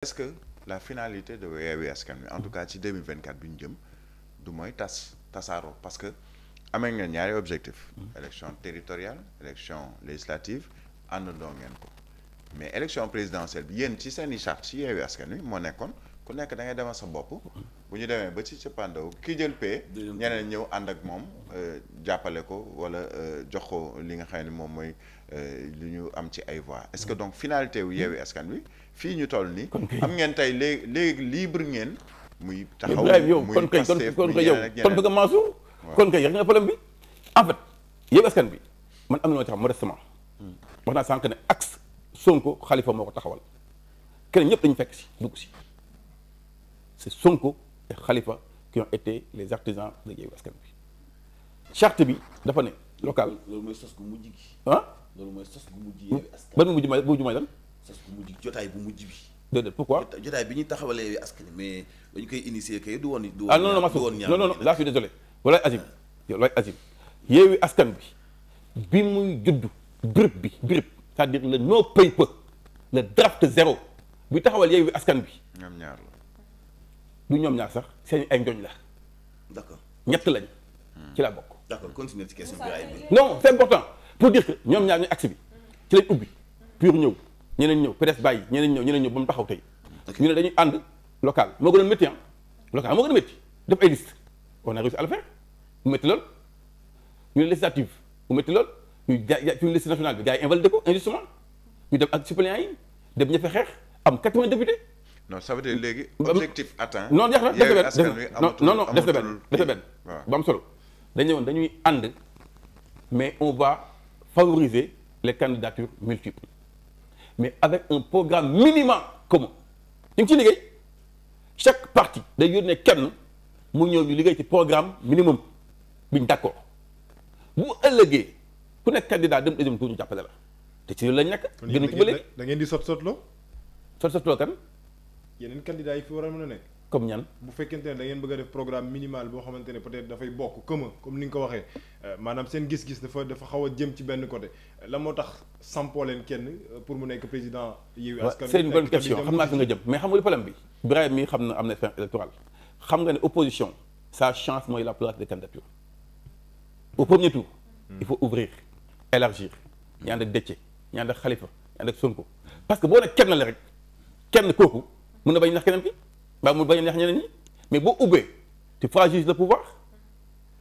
est-ce que la finalité de Yewwi Askan Wi en tout cas ci 2024 bi ñu jëm du mooy tas tasaaroo parce que amee ngeen ñaari objectif élection territoriale élection législative àndandoo ngeen ko mais élection présidentielle bi yéen ci seen i charte ci Yewwi Askan Wi moo nekkoon ku nekk da ngay demal sa bopp bu ñu demee ba ci cëppandaw kii jël pee ñeneen ñëw ànd ak moom euh, jàppale ko wala euh, jox ko li nga xam ne moom mooy euh, li ñu am ci ay voix est-ce que donc finalité wu yeewi askan wi fii ñu toll nii am ngeen tey léegi léegi libre ngeen muy taxaw muy kon kay kon kay yow kon kay Mansour kon kay yéex nga problème bi en fait yeewi askan bi man am na ma ci xam modestement hmm. wax naa sànq ne axe Sonko Khalifa moo ko taxawal keneen ñëpp dañu fekk si dugg si c'est Sonko et xalifa qui ont été les artisans de Yewwi Askan bi charte bi dafa ne local. loolu mooy sos gu mujj gi. ah loolu mooy sos gu mujj Yewwi Askan ban mujj mooy bu mujj mooy lan. sos gu jotaay bu mujj bi. déedéet pourquoi jotaay bi ñuy taxawalee Yewwi Askan Wi koy initier du woon. du woon ah non non ma non non laa fi désolé walaay Azim walaay Askan bi bi muy judd brib bi brib c'est-à-dire le no paper le draft zéro bi taxawal Yewwi Askan bi. ñoom ñaar la. du ñoom ñaar sax seen ay njoñ la. d'accord ñett lañ ci laa bokk. d'accord continuer ci question bi ay non c'est important pour dire que ñoom ñaar ñooy axe bi ci lañ ubbi pur ñëw ñeneen ñëw peut-être bàyyi ñeneen ñëw ñeneen ñëw ba mu taxaw tey. ñu ne dañuy ànd local moo gën a métti ah. local moo gën a métti def ay on a réussi à mu métti lool ñu ne législative mu métti lool ñu ja ci liste nationale bi gars yi invalidé ko injustement ñu dem ak suppléants yi dem ñu fa xeex am 80 députés. non ça veut dire léegi objectif atteint. non jeex na def na benn non non def na benn def na benn. ba am solo dañu ne woon dañuy ànd mais on va favoriser les candidatures multiples mais avec un programme minimum commun ñu ngi ciy liggéey chaque parti day yónnee kenn mu ñëw ñu liggéey ci programme minimum bi ñu d'accord bu ëllëgee ku nekk candidat dem deuxième tour ñu jàppale la te ci loolu lañ nekk. gënuñ ci bële da ngeen di sot sotloo. sot sotloo kan. yeneen candidats yi fi war a mën a nekk. comme ñan bu fekkente ne bëgg a def programme minimal boo xamante ne peut-être dafay bokk comme comme ni nga ko waxee euh, maanaam seen gis-gis dafa dafa xaw a jëm ci benn côté la moo tax sampoo leen kenn euh, pour mu nekk président. Yewwi Askan Wi c'est une bonne question xam xam na ne opposition sa mooy la place de candidature au premier tour. il faut ouvrir élargir ñaan ak Déthié ñaan ak Khalifa ñaan parce que boo ne kenn la rek kenn kooku. mun na bañ nax keneen ki mbaa mu bañ nax ñeneen ñi mais boo ubbee tu fragilises le pouvoir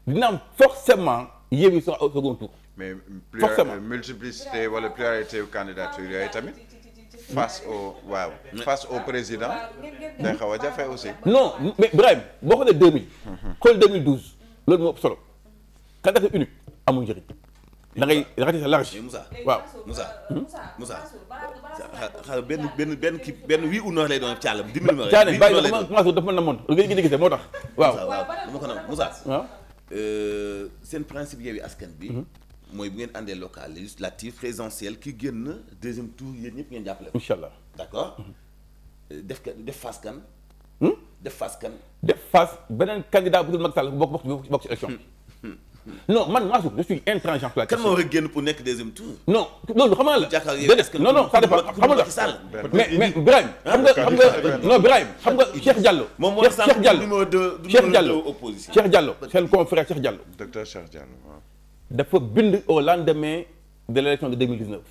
dina am forcément yéen yi sera au second tour. mais forcément multiplicité wala pluralité candidature yooyu tamit. face au waaw face au président. day xaw a jafe aussi. non mais Ibrahima boo xoolee 2000. Mhm. xool 2012 loolu moo ëpp solo. candidature unique amul njëriñ. da ngay da ngay sa large eh, Moussa eh, waaw Moussa hmm? Moussa xaaral benn benn benn kii benn wii u noor lay doon càll dimbali ma càll la commencé dafa mën na moon nga ngi gisee moo tax waaw waaw dama ko nam Moussa waaw euh, seen principe Yewwi Askan Wi mhm. mooy bu ngeen àndee local législative présidentielle ki génn deuxième tour yéen ñëpp ngeen jàppale incha allah d'accord mhm. euh, def ka def face kan hmm? def fas kan def face beneen candidat bu dul Macky Sall bokk ci élection hmm. non man Mansour je suis intransigeant nekk deuxième tour. non loolu xam nga la. jàkkaarloo non non ça dépend mais mais non Birahim ah, xam nga Cheikh Diallo. moom moo tax Cheikh Diallo Cheikh Diallo Cheikh Diallo seen confrère Cheikh Diallo. docteur Cheikh Diallo dafa bind o lendemain de l' élection de 2019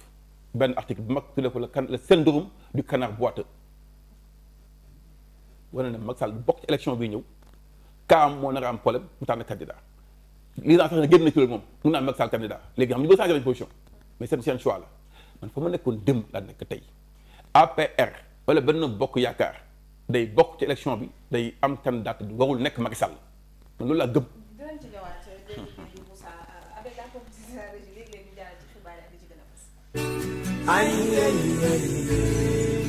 benn article bu mag tuddee ko le can le syndrome du canard boiteux wane na Macky bokk ci élection bi ñëw kaam moo nar a am problème mu tànn lii daa tax ne génn na ci loolu moom mun naa Macky Sall candidat léegi xam ñu ba changé nañ position mais seen seen choix la man fa ma nekkoon démb laa nekk tey APR wala benn bokk yaakaar day bokk ci élection bi day am candidat warul nekk Macky Sall man loolu laa gëm. ay ay ay